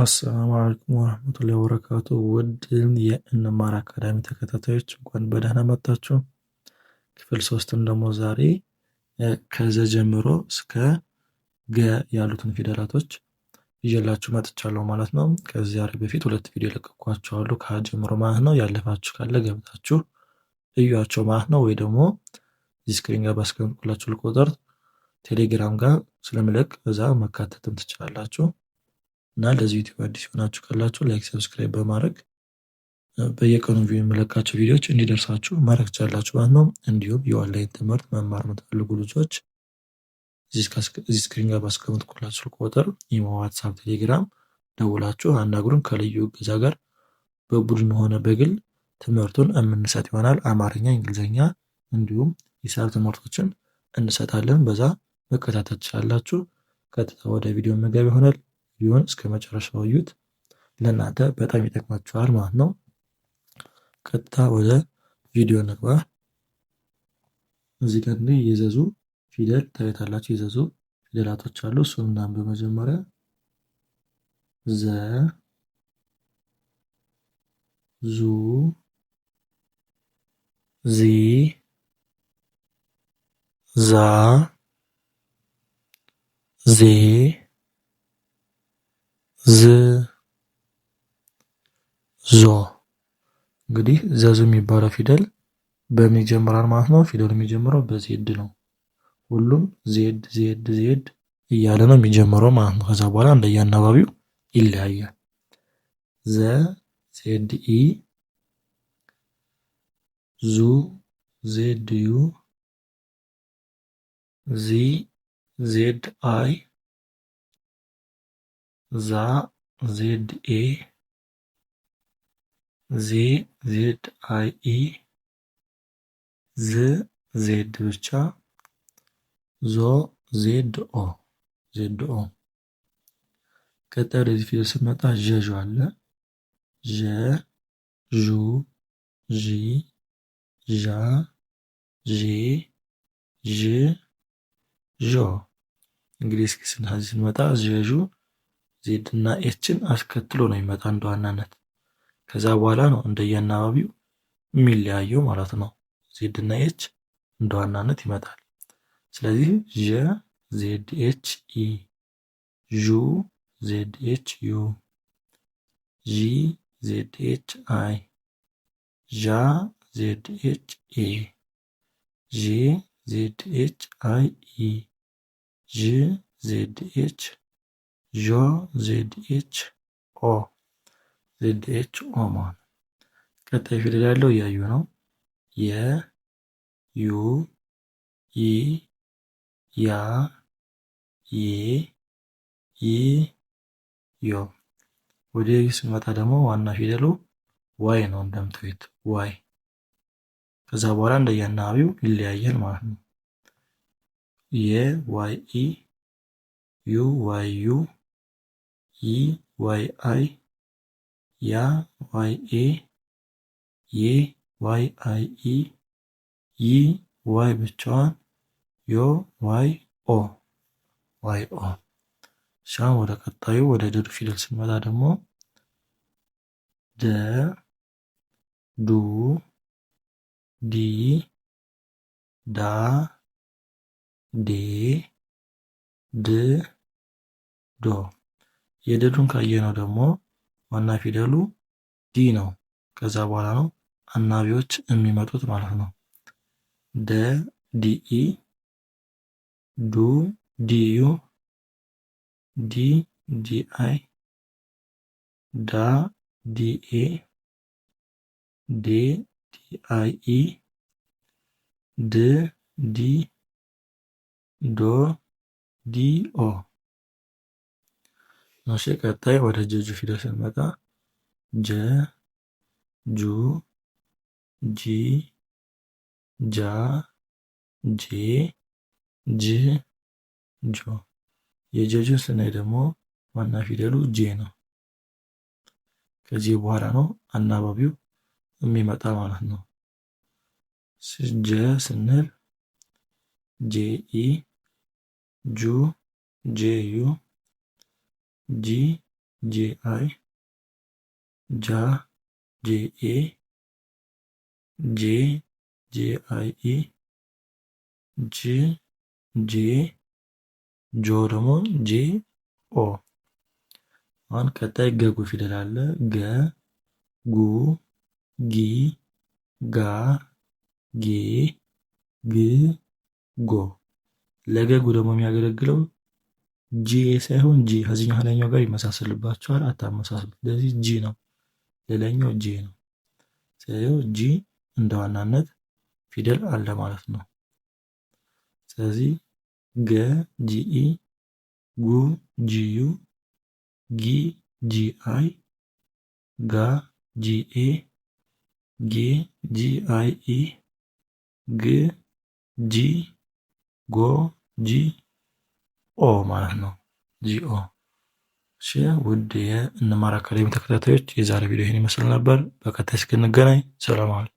አሰላሙ አለይኩም ወራህመቱላሂ ወበረካቱ ውድ የእንማር አካዳሚ ተከታታዮች እንኳን በደህና መጣችሁ። ክፍል ሶስትን ደግሞ ዛሬ ከዘ ጀምሮ እስከ ገ ያሉትን ፊደላቶች ይዤላችሁ መጥቻለሁ ማለት ነው። ከዚህ ዛሬ በፊት ሁለት ቪዲዮ ለቀኳቸዋለሁ ከሀ ጀምሮ ማለት ነው። ያለፋችሁ ካለ ገብታችሁ እዩዋቸው ማለት ነው። ወይ ደግሞ ስክሪን ጋር ባስቀምጥኩላችሁ ቁጥር ቴሌግራም ጋር ስለምለቅ እዛ መካተትም ትችላላችሁ። እና ለዚህ ዩቲዩብ አዲስ የሆናችሁ ካላችሁ ላይክ፣ ሰብስክራይብ በማድረግ በየቀኑ ቪው የምለቃቸው ቪዲዮዎች እንዲደርሳችሁ ማድረግ ትችላላችሁ ማለት ነው። እንዲሁም የኦንላይን ትምህርት መማር የምትፈልጉ ልጆች እዚህ ስክሪን ጋር ባስቀመጥኩላችሁ ስልክ ቁጥር ኢሞ፣ ዋትሳፕ፣ ቴሌግራም ደውላችሁ አናግሩን። ከልዩ እገዛ ጋር በቡድን ሆነ በግል ትምህርቱን የምንሰጥ ይሆናል። አማርኛ፣ እንግሊዝኛ እንዲሁም ሂሳብ ትምህርቶችን እንሰጣለን። በዛ መከታተል ትችላላችሁ። ቀጥታ ወደ ቪዲዮ መገብ ይሆናል። ቢሆን እስከ መጨረሻው እዩት። ለእናንተ በጣም ይጠቅማችኋል ማለት ነው። ቀጥታ ወደ ቪዲዮ ንግባ። እዚህ ጋር እንግዲህ የዘዙ ፊደል ታዩታላችሁ። የዘዙ ፊደላቶች አሉ። እሱን እናም በመጀመሪያ ዘ ዙ ዚ ዛ ዜ ዝ ዞ እንግዲህ ዘዙ የሚባለው ፊደል በምን ይጀምራል ማለት ነው። ፊደሉ የሚጀምረው በዜድ ነው። ሁሉም ዜድ ዜድ ዜድ እያለ ነው የሚጀምረው ማለት ነው። ከዛ በኋላ አናባቢው ይለያያል። ዘ ዜድ ኢ ዙ ዜድ ዩ ዚ ዜድ አይ ዛ ዜድ ኤ ዜ ዜድ ዜድአይኢ ዝ ዜድ ብቻ ዞ ዜድ ኦ ቀጣይ ወደዚህ ፊደል ስንመጣ ዠዥ አለ ዠ ዡ ዢ ዣ ዤ ዥ ዦ እንግዲህ እስኪ ስንመጣ ዠዡ ዜድ እና ኤችን አስከትሎ ነው የሚመጣ እንደ ዋናነት። ከዛ በኋላ ነው እንደየአናባቢው የሚለያየው ማለት ነው። ዜድ እና ኤች እንደ ዋናነት ይመጣል። ስለዚህ ዠ ዜድ ኤች ኢ፣ ዡ ዜድ ኤች ዩ፣ ዢ ዜድ ኤች አይ፣ ዣ ዜድ ኤች ኤ፣ ዤ ዜድ ኤች አይ ኢ፣ ዥ ዜድ ኤች ዦ ዜድኤችኦ ኦ መሆን ቀጣይ ፊደል ያለው ያዩ ነው። የ ዩ ይ ያ ይ ዮ። ወደ ስንመጣ ደግሞ ዋና ፊደሉ ዋይ ነው እንደምታዩት ዋይ። ከዛ በኋላ እንደየአናባቢው ይለያያል ማለት ነው። የ ዋይ ኢ ዩ ዋይ ዩ ይ ዋይ ዋይ ዋይ አይ ያ ኤ አይ ያ.ዋይ.ኤ፣ ይ ዋይ ብቻዋን፣ ዮ ዮ.ዋይ.ኦ። ዋይ.ኦ። ኦ አሁን ወደ ቀጣዩ ወደ ድዱ ፊደል ስንመጣ ደግሞ ደ፣ ዱ፣ ዲ፣ ዳ፣ ዴ፣ ድ፣ ዶ የደዱን ካየነው ደግሞ ዋና ፊደሉ ዲ ነው። ከዛ በኋላ ነው አናቢዎች የሚመጡት ማለት ነው። ደ ዲኢ፣ ዱ ዲዩ፣ ዲ አይ ዳ ዲኤ፣ ዴ ዲአይኢ፣ ድ ዲ፣ ዶ ዲኦ እሺ ቀጣይ ወደ ጀጁ ፊደል ስንመጣ ጀ ጁ ጂ ጃ ጄ ጅ ጆ የጀጁን ስናይ ደግሞ ዋና ፊደሉ ጄ ነው። ከዚህ በኋላ ነው አናባቢው የሚመጣ ማለት ነው። ጀ ስንል ኢ ጁ ዩ ጂ ጄአይ ጃ ጄኤ ጄ ጄአይኢ ጅ ጄ ጆ ደግሞ ጄ ኦ አሁን ቀጣይ ገጉ ፊደል አለ። ገ ጉ ጊ ጋ ጌ ግ ጎ ለገጉ ደግሞ የሚያገለግለው ጂ ሳይሆን ጂ ከዚህኛው ከላይኛው ጋር ይመሳሰልባቸዋል። አታመሳስሉ። ስለዚህ ጂ ነው፣ ሌላኛው ጂ ነው። ስለዚህ ጂ እንደ ዋናነት ፊደል አለ ማለት ነው። ስለዚህ ገ ጂ ኢ ጉ ጂ ዩ ጊ ጂ አይ ጋ ጂ ጂኤ፣ ጌ ኢ ግ ጂ፣ ጎ ጂ ኦ ማለት ነው። ጂኦ። እሺ ውድ የእንማር አካዳሚ ተከታታዮች የዛሬ ቪዲዮ ይህን ይመስል ነበር። በቀጣይ እስክንገናኝ ሰላም አለ።